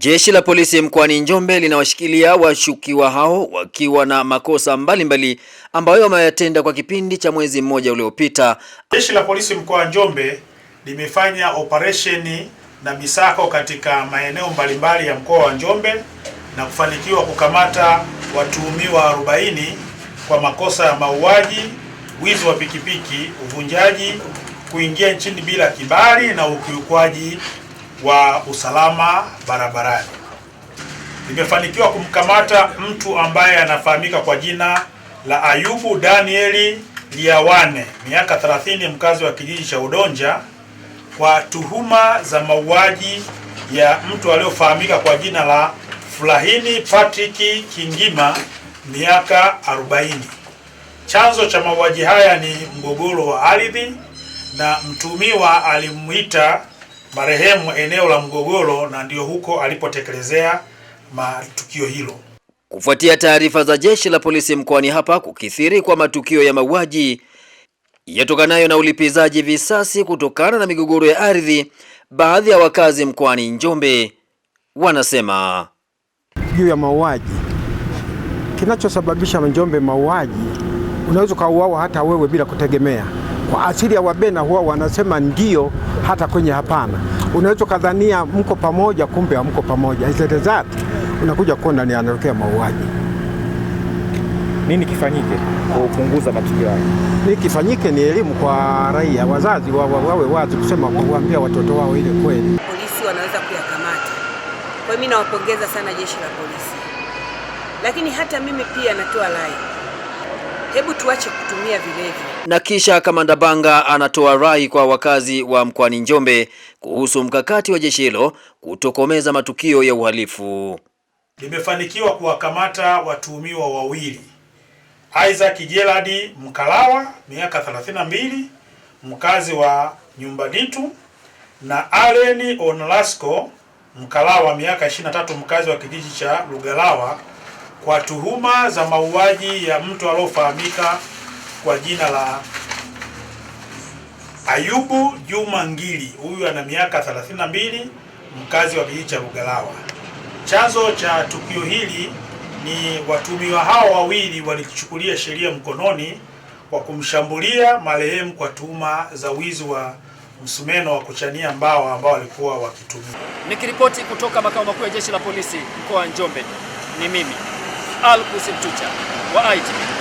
Jeshi la polisi mkoani Njombe linawashikilia washukiwa hao wakiwa na makosa mbalimbali ambayo wameyatenda kwa kipindi cha mwezi mmoja uliopita. Jeshi la polisi mkoa wa Njombe limefanya operesheni na misako katika maeneo mbalimbali ya mkoa wa Njombe na kufanikiwa kukamata watuhumiwa 40 kwa makosa ya mauaji, wizi wa pikipiki, uvunjaji, kuingia nchini bila kibali na ukiukwaji wa usalama barabarani. Nimefanikiwa kumkamata mtu ambaye anafahamika kwa jina la Ayubu Danieli Liawane, miaka 30, mkazi wa kijiji cha Udonja kwa tuhuma za mauaji ya mtu aliyofahamika kwa jina la Fulahini Patrick Kingima miaka 40. Chanzo cha mauaji haya ni mgogoro wa ardhi na mtumiwa alimuita marehemu eneo la Mgogoro na ndio huko alipotekelezea matukio hilo. Kufuatia taarifa za jeshi la polisi mkoani hapa kukithiri kwa matukio ya mauaji yatokanayo na ulipizaji visasi kutokana na migogoro ya ardhi, baadhi ya wakazi mkoani Njombe wanasema juu ya mauaji. Kinachosababisha Njombe mauaji, unaweza ukauawa hata wewe bila kutegemea kwa asili ya Wabena huwa wanasema ndio hata kwenye hapana. Unaweza kadhania mko pamoja, kumbe hamko pamoja. As unakuja kuona ni anatokea mauaji. Nini kifanyike kupunguza matukio hayo? Ni kifanyike? Ni elimu kwa raia, wazazi wawe wazi kusema, kuambia watoto wao ile kweli, polisi wanaweza kuyakamata. Kwa hiyo mimi nawapongeza sana jeshi la polisi, lakini hata mimi pia natoa rai Hebu tuache kutumia vilevi. Na kisha Kamanda Banga anatoa rai kwa wakazi wa mkoani Njombe kuhusu mkakati wa jeshi hilo kutokomeza matukio ya uhalifu. Limefanikiwa kuwakamata watuhumiwa wawili, Isaac Gerald Mkalawa miaka 32, mkazi wa nyumba ditu na Allen Onlasco Mkalawa miaka 23, mkazi wa kijiji cha Lugalawa kwa tuhuma za mauaji ya mtu aliyofahamika kwa jina la Ayubu Juma Ngili, huyu ana miaka 32, mkazi wa kijiji cha Bugalawa. Chanzo cha tukio hili ni watumiwa hao wawili walichukulia sheria mkononi kwa kumshambulia marehemu kwa tuhuma za wizi wa msumeno wa kuchania mbao ambao walikuwa wakitumia. Nikiripoti kutoka makao makuu ya jeshi la polisi mkoa wa Njombe, ni mimi al-Quds al wa ITV.